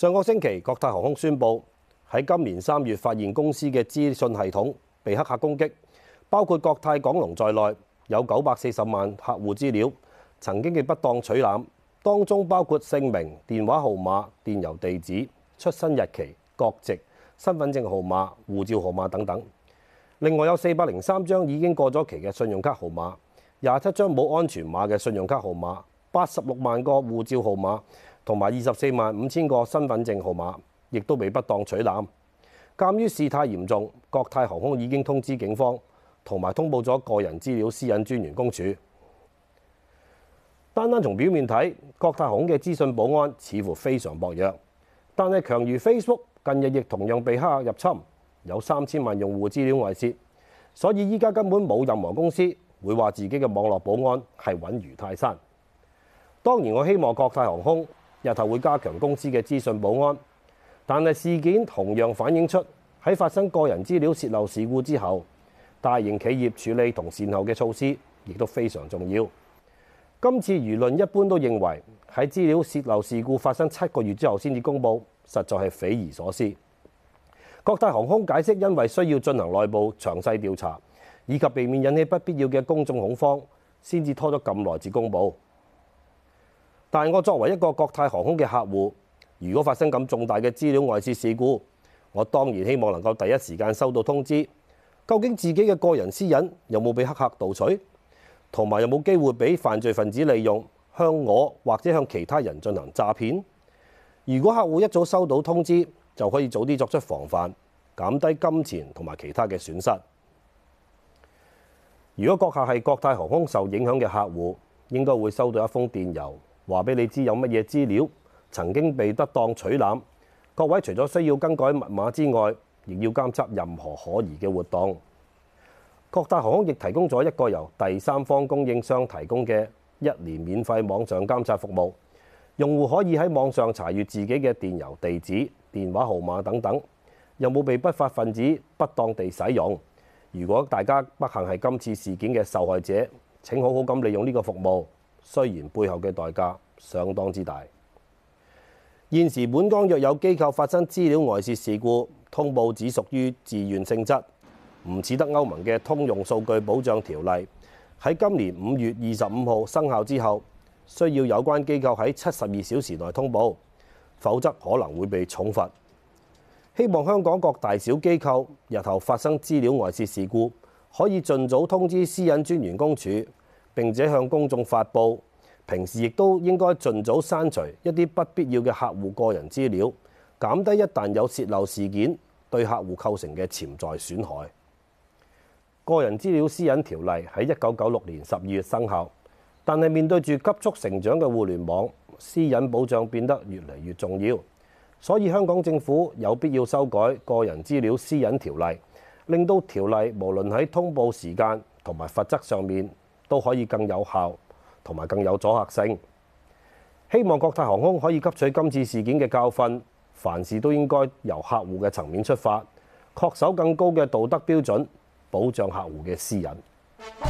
上個星期，國泰航空宣布喺今年三月發現公司嘅資訊系統被黑客攻擊，包括國泰港龍在內有九百四十萬客戶資料曾經嘅不當取覽，當中包括姓名、電話號碼、電郵地址、出生日期、國籍、身份證號碼、護照號碼等等。另外有四百零三張已經過咗期嘅信用卡號碼，廿七張冇安全碼嘅信用卡號碼，八十六萬個護照號碼。同埋二十四萬五千個身份證號碼，亦都被不當取攬。鑑於事態嚴重，國泰航空已經通知警方，同埋通報咗個人資料私隱專員公署。單單從表面睇，國泰航空嘅資訊保安似乎非常薄弱，但係強如 Facebook 近日亦同樣被黑客入侵，有三千萬用戶資料外泄。所以依家根本冇任何公司會話自己嘅網絡保安係穩如泰山。當然，我希望國泰航空，日後會加強公司嘅資訊保安，但係事件同樣反映出喺發生個人資料泄漏事故之後，大型企業處理同善後嘅措施亦都非常重要。今次輿論一般都認為喺資料泄漏事故發生七個月之後先至公佈，實在係匪夷所思。國泰航空解釋因為需要進行內部詳細調查，以及避免引起不必要嘅公眾恐慌，先至拖咗咁耐至公佈。但我作為一個國泰航空嘅客戶，如果發生咁重大嘅資料外泄事故，我當然希望能夠第一時間收到通知。究竟自己嘅個人私隱有冇被黑客盜取，同埋有冇機會俾犯罪分子利用向我或者向其他人進行詐騙。如果客戶一早收到通知，就可以早啲作出防範，減低金錢同埋其他嘅損失。如果閣下係國泰航空受影響嘅客戶，應該會收到一封電郵。話俾你知有乜嘢資料曾經被不當取覽，各位除咗需要更改密碼之外，亦要監測任何可疑嘅活動。各大航空亦提供咗一個由第三方供應商提供嘅一年免費網上監察服務，用戶可以喺網上查閲自己嘅電郵地址、電話號碼等等，有冇被不法分子不當地使用。如果大家不幸係今次事件嘅受害者，請好好咁利用呢個服務。雖然背後嘅代價相當之大，現時本港若有機構發生資料外泄事故，通報只屬於自願性質，唔似得歐盟嘅通用數據保障條例喺今年五月二十五號生效之後，需要有關機構喺七十二小時內通報，否則可能會被重罰。希望香港各大小機構日後發生資料外泄事故，可以盡早通知私隱專員公署。並且向公眾發布，平時亦都應該盡早刪除一啲不必要嘅客戶個人資料，減低一旦有洩漏事件對客戶構成嘅潛在損害。個人資料私隱條例喺一九九六年十二月生效，但係面對住急速成長嘅互聯網，私隱保障變得越嚟越重要，所以香港政府有必要修改個人資料私隱條例，令到條例無論喺通報時間同埋罰則上面，都可以更有效，同埋更有阻嚇性。希望國泰航空可以吸取今次事件嘅教訓，凡事都應該由客戶嘅層面出發，確守更高嘅道德標準，保障客戶嘅私隱。